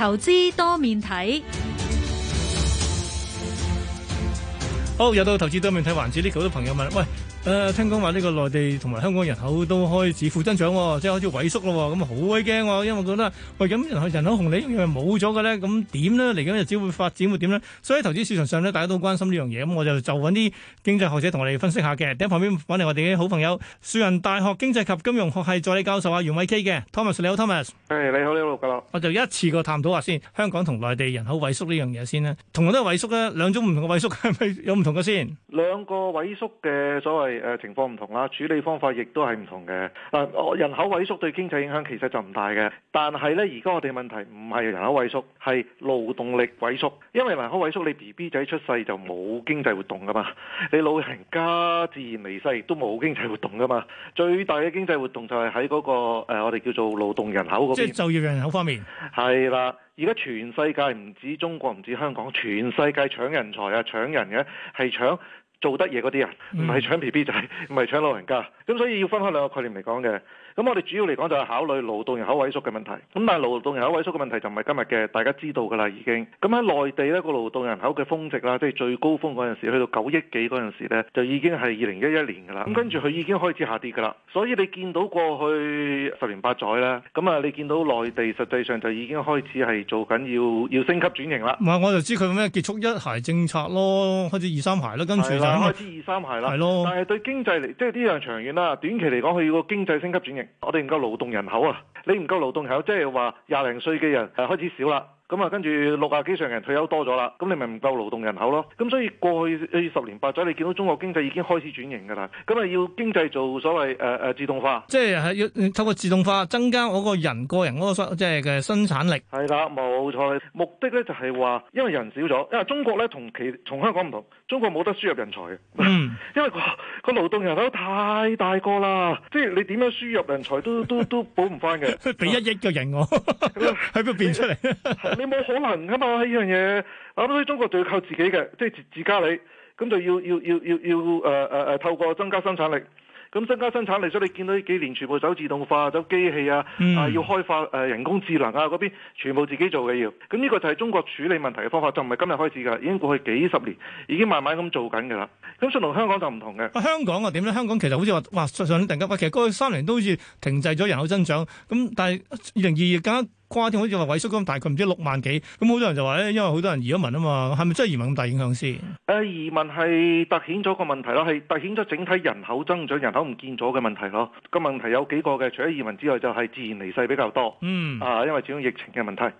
投資多面睇，好又到投資多面睇環節，呢個好多朋友問，喂。誒，聽講話呢個內地同埋香港人口都開始負增長，哦，即係開始萎縮咯，咁啊好鬼驚，因為我覺得喂，咁人口人口紅利咪冇咗嘅咧，咁點咧嚟緊日子會發展會點咧？所以喺投資市場上咧，大家都關心呢樣嘢。咁我就就搵啲經濟學者同我哋分析下嘅。第一旁邊搵嚟我哋嘅好朋友，樹人大學經濟及金融學系助理教授阿、啊、袁偉基嘅，Thomas 你好 Thomas。誒、hey，你好你好，噶啦。我就一次過探討下先，香港同內地人口萎縮呢樣嘢先啦。同樣都係萎縮啦，兩種唔同嘅萎縮係咪有唔同嘅先？兩個萎縮嘅所謂。誒，情況唔同啦，處理方法亦都係唔同嘅。誒、呃，人口萎縮對經濟影響其實就唔大嘅。但係呢，而家我哋問題唔係人口萎縮，係勞動力萎縮。因為人口萎縮，你 B B 仔出世就冇經濟活動㗎嘛，你老人家自然離世都冇經濟活動㗎嘛。最大嘅經濟活動就係喺嗰個誒、呃，我哋叫做勞動人口嗰邊，即係就，就業人口方面係啦。而家全世界唔止中國，唔止香港，全世界搶人才啊，搶人嘅係搶。做得嘢嗰啲人，唔係搶 BB 仔，唔係搶老人家，咁所以要分開兩個概念嚟講嘅。咁我哋主要嚟講就係考慮勞動人口萎縮嘅問題。咁但係勞動人口萎縮嘅問題就唔係今日嘅，大家知道㗎啦已經。咁喺內地呢個勞動人口嘅峰值啦，即係最高峰嗰陣時，去到九億幾嗰陣時咧，就已經係二零一一年㗎啦。咁跟住佢已經開始下跌㗎啦。所以你見到過去十年八載咧，咁啊，你見到內地實際上就已經開始係做緊要要升級轉型啦。唔係，我就知佢咩結束一孩政策咯，開始二三孩啦，跟住、就係開始二三係啦，是的但係對經濟嚟，即係呢樣長遠啦。短期嚟講，佢要個經濟升級轉型，我哋唔夠勞動人口啊！你唔夠勞動人口，即係話廿零歲嘅人係開始少啦。咁啊，跟住六啊幾上人退休多咗啦，咁你咪唔夠勞動人口咯。咁所以過去十年八載，你見到中國經濟已經開始轉型㗎啦。咁啊，要經濟做所謂誒、呃、自動化，即係係要透過自動化增加我個人個人嗰個即係嘅生產力。係啦，冇錯。目的咧就係話，因為人少咗，因為中國咧同其從香港唔同，中國冇得輸入人才嘅。嗯。因為個個勞動人口太大個啦，即係你點樣輸入人才都 都都補唔翻嘅。俾一億個人我，喺邊變出嚟？你冇可能噶嘛？呢樣嘢，咁所以中國就要靠自己嘅，即係自自加力，咁就要要要要要、呃、透過增加生產力，咁增加生產力，所以你見到呢幾年全部走自動化、走機器啊，啊要開發人工智能啊嗰邊，全部自己做嘅要，咁呢個就係中國處理問題嘅方法，就唔係今日開始㗎，已經過去幾十年，已經慢慢咁做緊㗎啦。咁信同香港就唔同嘅。香港嘅點咧？香港其實好似話哇上突然間，其實過去三年都好似停滯咗人口增長，咁但係二零二二加。跨好似話萎縮咁大，佢唔知六萬幾，咁好多人就話咧，因為好多人移咗民啊嘛，係咪真係移民咁大影響先？誒，移民係凸顯咗個問題咯，係凸顯咗整體人口增長、人口唔見咗嘅問題咯。個問題有幾個嘅，除咗移民之外，就係自然離世比較多。嗯，啊，因為始終疫情嘅問題，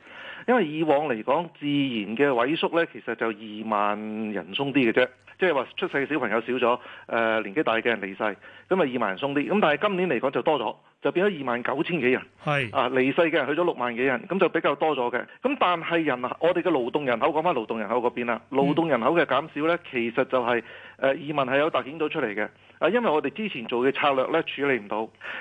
因為以往嚟講，自然嘅萎縮咧，其實就二萬人鬆啲嘅啫，即係話出世嘅小朋友少咗、呃，年紀大嘅人離世，咁啊二萬人鬆啲，咁但係今年嚟講就多咗。就變咗二萬九千幾人，係是啊離世嘅人去咗六萬幾人，咁就比較多咗嘅。咁但係人，我哋嘅勞動人口講翻勞動人口嗰邊啦，勞動人口嘅減少呢，其實就係、是、誒、呃、移民係有凸顯到出嚟嘅。啊，因為我哋之前做嘅策略呢，處理唔到。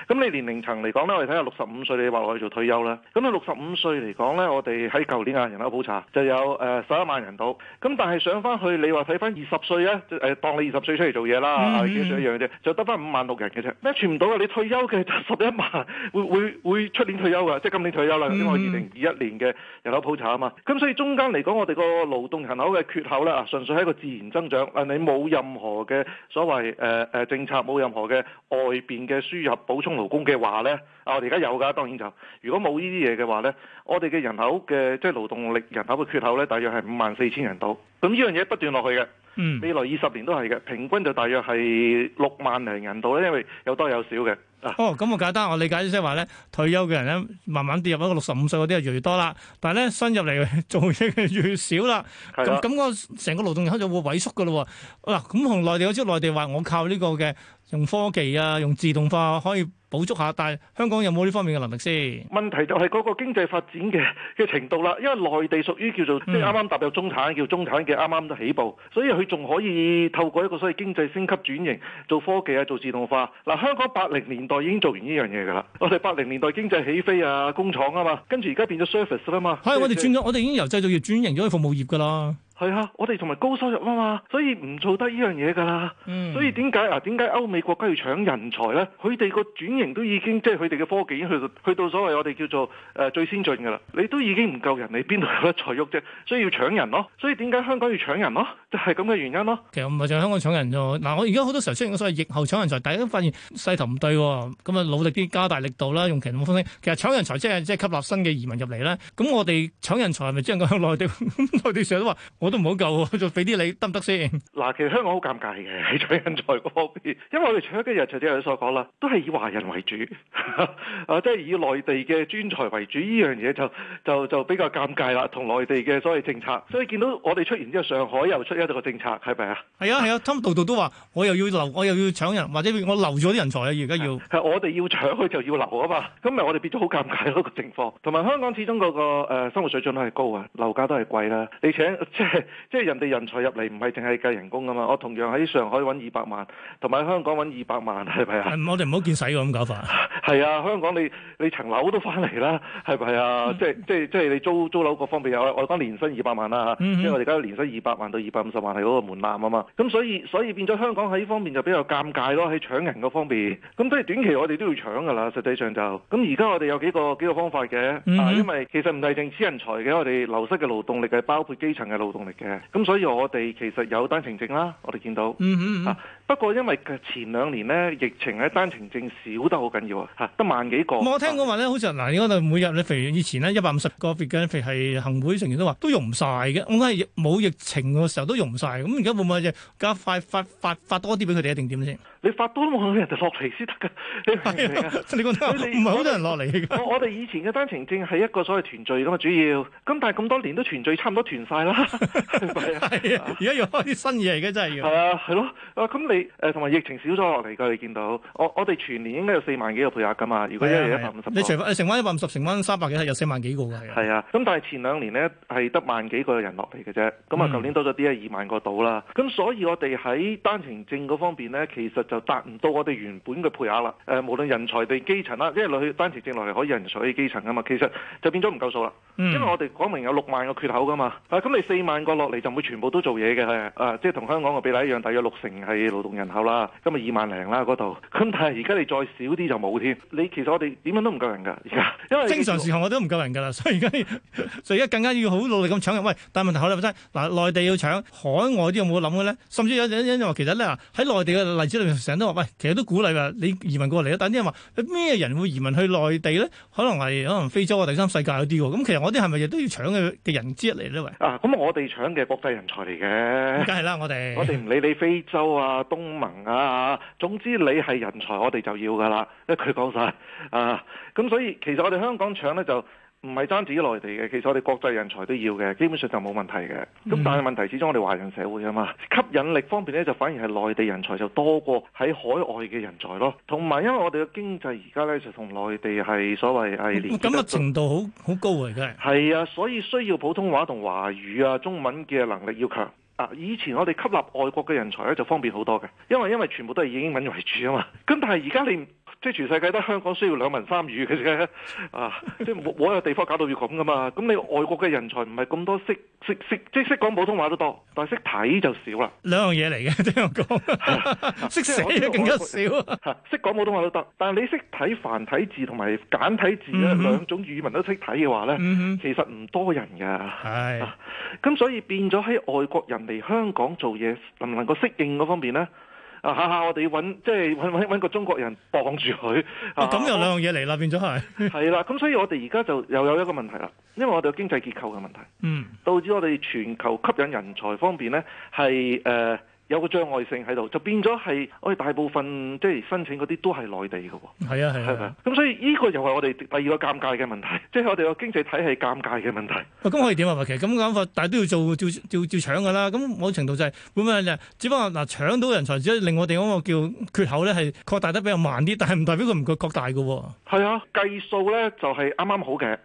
咁你年齡層嚟講呢，我哋睇下六十五歲，你話我哋做退休啦。咁你六十五歲嚟講呢，我哋喺舊年啊人口普查就有誒十一萬人到。咁但係上翻去，你話睇翻二十歲咧，誒、呃、當你二十歲出嚟做嘢啦，基本、嗯嗯啊、一樣嘅啫，就得翻五萬六人嘅啫。咩存唔到啊？你退休嘅十一。咁啊， 會會會出年退休嘅，即係今年退休啦，因為二零二一年嘅人口普查啊嘛。咁所以中間嚟講，我哋個勞動人口嘅缺口啦，純粹係一個自然增長。啊，你冇任何嘅所謂誒誒政策，冇任何嘅外邊嘅輸入補充勞工嘅話咧，啊，我哋而家有噶，當然就如果冇呢啲嘢嘅話咧，我哋嘅人口嘅即係勞動力人口嘅缺口咧，大約係五萬四千人度。咁呢樣嘢不斷落去嘅。嗯，未來二十年都係嘅，平均就大約係六萬零人度，因為有多有少嘅。啊、哦，咁我簡單，我理解即係話咧，退休嘅人咧，慢慢跌入一個六十五歲嗰啲就越嚟越多啦，但係咧新入嚟做嘢嘅越少啦。咁咁個成個勞動人口就會萎縮嘅咯。嗱，咁同內地好似內地話，我靠呢個嘅。用科技啊，用自動化可以補足下，但係香港有冇呢方面嘅能力先？問題就係嗰個經濟發展嘅嘅程度啦，因為內地屬於叫做即係啱啱踏入中產，叫中產嘅啱啱都起步，所以佢仲可以透過一個所謂經濟升級轉型做科技啊，做自動化。嗱，香港八零年代已經做完呢樣嘢㗎啦，我哋八零年代經濟起飛啊，工廠啊嘛，跟住而家變咗 service 啦嘛，係、就是、我哋轉咗，我哋已經由製造業轉型咗去服務業㗎啦。係啊，我哋同埋高收入啊嘛，所以唔做得呢樣嘢㗎啦。嗯、所以點解啊？點解歐美國家要搶人才咧？佢哋個轉型都已經即係佢哋嘅科技已經去到去到所謂我哋叫做誒、呃、最先進㗎啦。你都已經唔夠人，你邊度有得才喐啫？所以要搶人咯。所以點解香港要搶人咯？就係咁嘅原因咯。其實唔係就香港搶人啫。嗱，我而家好多時候出現咁所謂逆後搶人才，大家都發現勢頭唔對，咁啊努力啲加大力度啦，用其他嘅方式。其實搶人才即係即係吸納新嘅移民入嚟咧。咁我哋搶人才係咪只能夠向內地？咁 內地成日都話都唔好夠，再俾啲你得唔得先？嗱，其實香港好尷尬嘅喺搶人才嗰方面，因為我哋搶嘅人，隨住你所講啦，都係以華人為主，啊， 即係以內地嘅專才為主，呢樣嘢就就就比較尷尬啦。同內地嘅所謂政策，所以見到我哋出現之後，上海又出現一個政策，係咪啊？係啊係啊，差唔多度度都話我又要留，我又要搶人，或者我留咗啲人才啊！而家要係我哋要搶，佢就要留啊嘛。咁咪我哋變咗好尷尬咯、嗰個情況。同埋香港始終嗰、嗰個、呃、生活水準都係高啊，樓價都係貴啦。你請即係。就是即係人哋人才入嚟唔係淨係計人工啊嘛，我同樣喺上海揾二百萬，同埋香港揾二百萬係咪啊？我哋唔好見使咁搞法。係 啊，香港你你層樓都翻嚟啦，係咪？啊？ 即係即係你租租樓嗰方面，有。我哋講年薪二百萬啦嚇，因為、嗯、哼我哋而家年薪二百萬到二百五十萬係嗰個門檻啊嘛。咁所以所以變咗香港喺呢方面就比較尷尬咯，喺搶人嗰方面。咁所以短期我哋都要搶㗎啦，實際上就咁而家我哋有幾個幾個方法嘅，嗯、哼因為其實唔係淨招人才嘅，我哋流失嘅勞動力係包括基層嘅勞動力。嘅咁，所以我哋其實有單程證啦，我哋見到。嗯嗯啊、嗯，不過因為前兩年咧，疫情喺單程證少得好緊要啊，吓，得萬幾個。我聽講話咧，啊、好似嗱，你嗰度每日你肥以前咧一百五十個，肥肥係行會成員都話都用唔晒嘅。我係得冇疫情嘅時候都用唔晒。咁而家會唔會就加快發發發多啲俾佢哋一定點先？你發多都冇人哋落嚟先得噶，你明、哎、呦你覺得唔係好多人落嚟。我我哋以前嘅單程證係一個所謂團聚噶嘛，主要。咁但係咁多年都團聚，差唔多團晒啦。 係 啊！而家、啊、要開啲新嘢，而家真係要。係啊，係咯、啊。啊，咁你誒同埋疫情少咗落嚟㗎，你見到我我哋全年應該有四萬幾個配額㗎嘛？如果一日一百五十，你除成翻一百五十，成翻三百幾係有四萬幾個㗎。係啊。咁、啊、但係前兩年咧係得萬幾個人落嚟嘅啫。咁啊，舊年多咗啲啊，二萬個度啦。咁、嗯、所以我哋喺單程證嗰方面咧，其實就達唔到我哋原本嘅配額啦。誒、呃，無論人才地基層啦，因為落去單程證落嚟可以人才地基層㗎嘛，其實就變咗唔夠數啦。嗯、因為我哋講明有六萬個缺口㗎嘛。啊，咁你四萬。個落嚟就唔會全部都做嘢嘅，啊，即係同香港嘅比例一樣，大約六成係勞動人口啦，今日二萬零啦嗰度。咁但係而家你再少啲就冇添。你其實我哋點樣都唔夠人㗎，而家因為正常時候我都唔夠人㗎啦，所以而家所以而家更加要好努力咁搶人。喂，但係問題係咪真？嗱，內地要搶海外啲有冇諗嘅咧？甚至有啲人話其實咧，喺內地嘅例子裏邊，成日都話喂，其實都鼓勵話你移民過嚟啊。但啲人話咩人會移民去內地咧？可能係可能非洲第三世界嗰啲喎。咁其實我啲係咪亦都要搶嘅嘅人之一嚟咧？喂，啊，咁、嗯、我哋。搶嘅國際人才嚟嘅，梗係啦！我哋我哋唔理你非洲啊、東盟啊，總之你係人才，我哋就要噶啦。一佢講晒啊，咁所以其實我哋香港搶咧就。唔係單止內地嘅，其實我哋國際人才都要嘅，基本上就冇問題嘅。咁但係問題，始終我哋華人社會啊嘛，吸引力方面咧就反而係內地人才就多過喺海外嘅人才咯。同埋因為我哋嘅經濟而家咧就同內地係所謂係連咁嘅程度好好高嚟、啊、嘅。係啊，所以需要普通話同華語啊、中文嘅能力要強啊。以前我哋吸納外國嘅人才咧就方便好多嘅，因為因為全部都係以英文為主啊嘛。咁但係而家你。即係全世界得香港需要兩文三語嘅啫，啊！ 即係冇冇有地方搞到要咁噶嘛？咁你外國嘅人才唔係咁多識，識識即即識即係識講普通話都多，但係識睇就少啦。兩樣嘢嚟嘅，聽我講，識寫更加少。識講普通話都得，但係你識睇繁體字同埋簡體字咧，mm hmm. 兩種語文都識睇嘅話咧，mm hmm. 其實唔多人㗎。係。咁所以變咗喺外國人嚟香港做嘢，能唔能夠適應嗰方面咧？啊！下下我哋要揾，即係揾揾個中國人綁住佢。咁又、啊、下兩樣嘢嚟啦，變咗係。係啦，咁所以我哋而家就又有一個問題啦，因為我哋經濟結構嘅問題，嗯、導致我哋全球吸引人才方面咧係誒，有個障礙性喺度，就變咗係我哋大部分即係申請嗰啲都係內地㗎喎。係啊係啊，咁、啊、所以呢個又係我哋第二個尷尬嘅問題，即係我哋個經濟體系尷尬嘅問題。咁、啊、可以點啊？ 其實咁講法，但係都要做，照照照搶㗎啦。咁某程度就係、是、會唔會咧？只不過嗱，搶、呃、到人才只係令我哋嗰個叫缺口咧係擴大得比較慢啲，但係唔代表佢唔擴擴大嘅。係啊，計數咧就係啱啱好嘅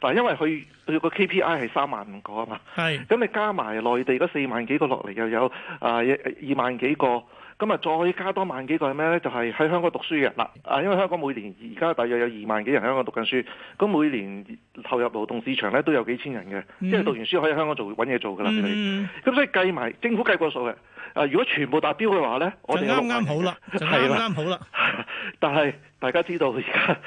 嗱、 啊，因為佢。佢個 KPI 係三萬五個啊嘛，咁你是加埋內地嗰四萬幾個落嚟又有啊二萬幾個，咁啊再加多萬幾個係咩呢就係、是、喺香港讀書嘅人啦。啊，因為香港每年而家大約有二萬幾人喺香港讀緊書，咁每年投入勞動市場呢都有幾千人嘅，即係讀完書可以香港做搵嘢做㗎啦。咁、嗯、所以計埋政府計過數嘅，啊如果全部達標嘅話呢，就啱啱好啦，啱啱好啦。但係大家知道而家。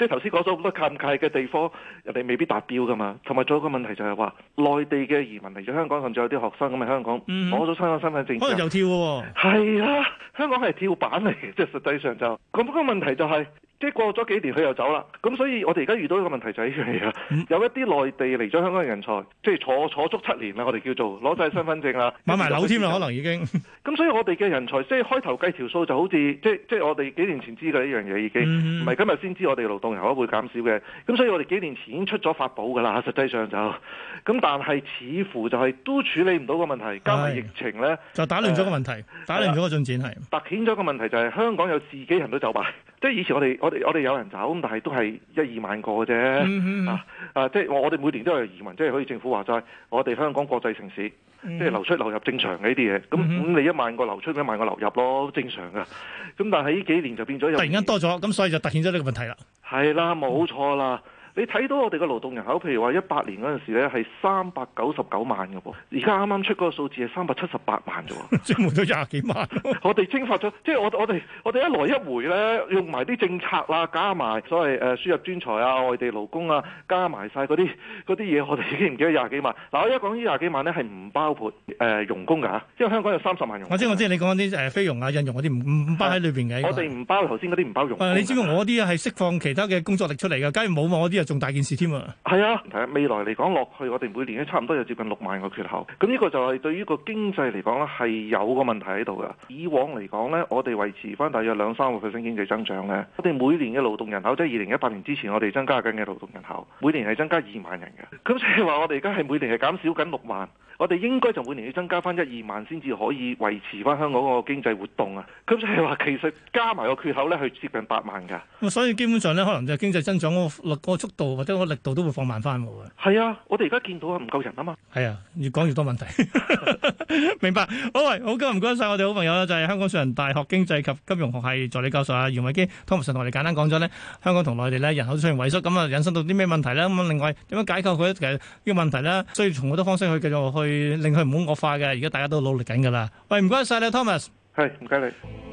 即係頭先講咗好多尷尬嘅地方，人哋未必達標㗎嘛。同埋仲有，還有一個問題就係話，內地嘅移民嚟咗香港，甚至有啲學生咁喺香港攞咗香港身份證，嗯、可能又跳喎、哦。係啦、啊，香港係跳板嚟嘅，即係實際上就咁多個問題就係、是。即係過咗幾年，佢又走啦。咁所以，我哋而家遇到一個問題就係呢樣嘢啦。有一啲內地嚟咗香港嘅人才，即係坐坐足七年啦。我哋叫做攞晒身份證啦，買埋樓添啦，可能已經。咁所以我，我哋嘅人才即係開頭計條數，就好似即係即係我哋幾年前知嘅呢樣嘢已經，唔係、嗯、今日先知我哋勞動人口會,會減少嘅。咁所以，我哋幾年前已經出咗法寶噶啦。實際上就咁，但係似乎就係都處理唔到個問題，加埋疫情呢，就打亂咗個問題，打亂咗個進展係的突顯咗個問題就係香港有自己人都走吧。即係以前我哋我哋我哋有人走，但係都係一二萬個啫。啊、嗯嗯嗯、啊！即係我我哋每年都係移民，即係好似政府話齋，我哋香港國際城市，即係流出流入正常嘅呢啲嘢。咁咁你一萬個流出，一萬個流入咯，正常噶。咁但係呢幾年就變咗。突然間多咗，咁所以就突顯咗呢個問題啦。係啦，冇錯啦。嗯你睇到我哋嘅勞動人口，譬如話一百年嗰陣時咧，係三百九十九萬嘅噃。而家啱啱出嗰個數字係三百七十八萬啫喎，少咗廿幾萬 我我。我哋蒸發咗，即係我我哋我哋一來一回咧，用埋啲政策啦，加埋所謂誒輸入專才啊、外地勞工啊，加埋晒嗰啲啲嘢，我哋已經唔記得廿幾萬。嗱，我而家講呢廿幾萬咧係唔包括誒傭、呃、工㗎，即係香港有三十萬傭。我知我知，你講啲誒非傭啊、印傭嗰啲唔唔包喺裏邊嘅。我哋唔包頭先嗰啲唔包傭。你知唔知我啲係釋放其他嘅工作力出嚟㗎？假如冇我啲就。仲大件事添啊！係啊，係啊，未來嚟講落去，我哋每年咧差唔多有接近六萬個缺口。咁呢個就係對於個經濟嚟講咧，係有個問題喺度㗎。以往嚟講咧，我哋維持返大約兩三個 percent 經濟增長咧，我哋每年嘅勞動人口，即係二零一八年之前，我哋增加緊嘅勞動人口，每年係增加二萬人嘅。咁即係話，我哋而家係每年係減少緊六萬。我哋應該就每年要增加翻一二萬先至可以維持翻香港嗰個經濟活動啊！咁就係話其實加埋個缺口咧，去接近八萬㗎。咁所以基本上咧，可能就經濟增長嗰個速度或者嗰個力度都會放慢翻喎。係啊，我哋而家見到啊，唔夠人啊嘛。係啊，越講越多問題。明白。好，喂，今日唔該晒我哋好朋友啦，就係、是、香港樹仁大學經濟及金融學系助理教授啊，袁偉基、Thomas 同我哋簡單講咗咧，香港同內地咧人口出現萎縮，咁啊引申到啲咩問題咧？咁另外點樣解構佢其實呢個問題咧？需要從好多方式去繼續去。令佢唔好惡化嘅，而家大家都努力緊㗎喇。喂，唔該晒你，Thomas。係，唔該你。